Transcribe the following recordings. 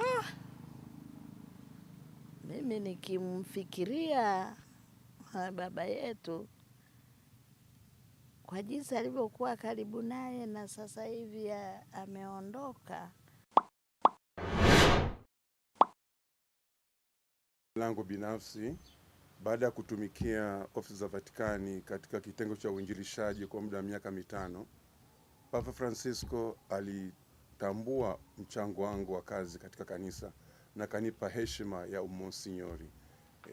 Ah. Mimi nikimfikiria ah, baba yetu kwa jinsi alivyokuwa karibu naye na sasa hivi ah, ameondoka. Langu binafsi baada ya kutumikia ofisi za Vatikani katika kitengo cha uinjilishaji kwa muda wa miaka mitano, Papa Francisco ali kutambua mchango wangu wa kazi katika kanisa na kanipa heshima ya umonsinyori.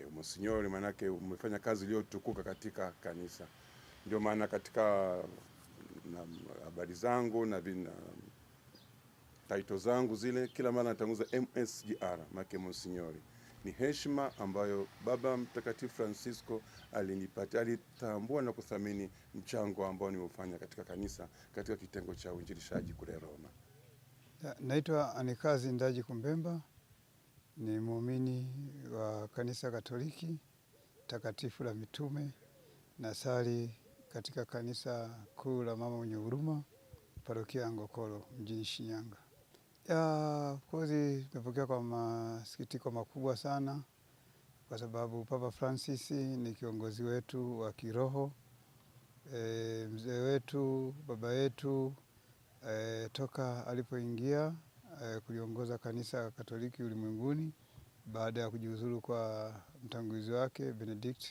E, umonsinyori maanake umefanya kazi iliyotukuka katika kanisa. Ndio maana katika habari zangu na vina taito zangu zile kila mara natanguza MSGR make monsinyori. Ni heshima ambayo Baba Mtakatifu Francisco alinipatia, alitambua na kuthamini mchango ambao nimeufanya katika kanisa katika kitengo cha uinjilishaji kule Roma. Naitwa Anikazi Ndaji Kumbemba, ni muumini wa kanisa Katoliki takatifu la mitume na sali katika kanisa kuu la Mama mwenye Huruma, parokia ya Ngokoro mjini Shinyanga. Kozi tumepokea kwa masikitiko makubwa sana, kwa sababu Papa Francis ni kiongozi wetu wa kiroho, e, mzee wetu, baba yetu e, toka alipoingia e, kuliongoza kanisa Katoliki ulimwenguni baada ya kujiuzuru kwa mtangulizi wake Benedict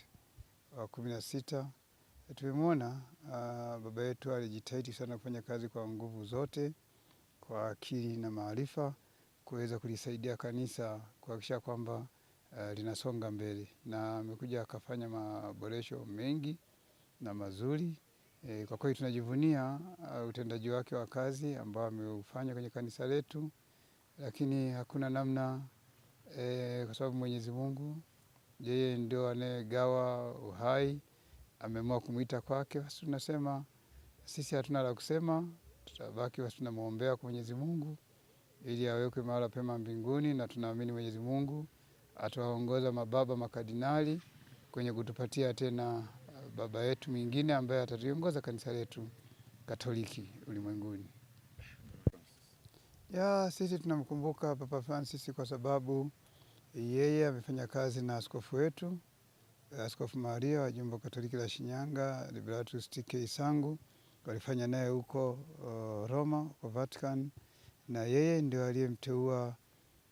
wa kumi na sita. E, tumemwona ah, baba yetu alijitahidi sana kufanya kazi kwa nguvu zote, kwa akili na maarifa kuweza kulisaidia kanisa kuhakikisha kwamba Uh, linasonga mbele na amekuja akafanya maboresho mengi na mazuri E, kwa kweli tunajivunia uh, utendaji wake wa kazi ambao ameufanya kwenye kanisa letu, lakini hakuna namna e, kwa sababu Mwenyezi Mungu yeye ndio anayegawa uhai, ameamua kumwita kwake. Basi tunasema sisi hatuna la kusema, tutabaki basi tunamwombea kwa Mwenyezi Mungu ili awekwe mahala pema mbinguni, na tunaamini Mwenyezi Mungu atawaongoza mababa makadinali kwenye kutupatia tena baba yetu mwingine ambaye ataliongoza kanisa letu Katoliki ulimwenguni. Ya, sisi tunamkumbuka Papa Francis kwa sababu yeye amefanya kazi na askofu wetu Askofu Maria wa jimbo Katoliki la Shinyanga Liberatus TK sangu walifanya naye huko uh, Roma kwa Vatican, na yeye ndio aliyemteua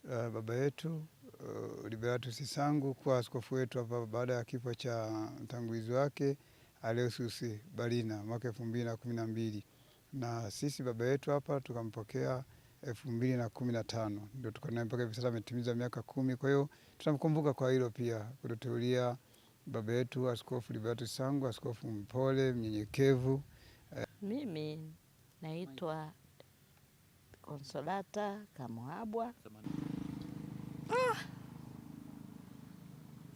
uh, baba yetu uh, eh, Liberatus Isangu kuwa askofu wetu hapa baada ya kifo cha mtangulizi wake Aloysius Balina mwaka elfu mbili na kumi na mbili na sisi baba yetu hapa tukampokea elfu mbili na kumi na tano ndio tuko naye mpaka hivi sasa, ametimiza miaka kumi. Kwa hiyo tunamkumbuka kwa hilo pia, kututeulia baba yetu Askofu Liberatus Sangu, askofu mpole mnyenyekevu. Mimi naitwa Consolata Kamuhabwa ah!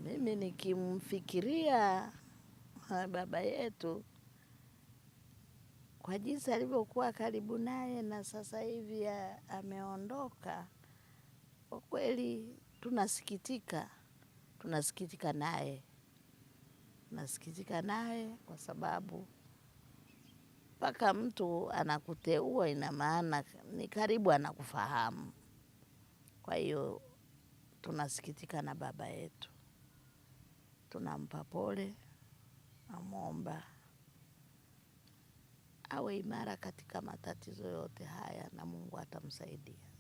Mimi nikimfikiria baba yetu kwa jinsi alivyokuwa karibu naye na sasa hivi ameondoka, kwa kweli tunasikitika, tunasikitika naye, tunasikitika naye kwa sababu mpaka mtu anakuteua, ina maana ni karibu anakufahamu. Kwa hiyo tunasikitika na baba yetu tunampa pole, namwomba awe imara katika matatizo yote haya, na Mungu atamsaidia.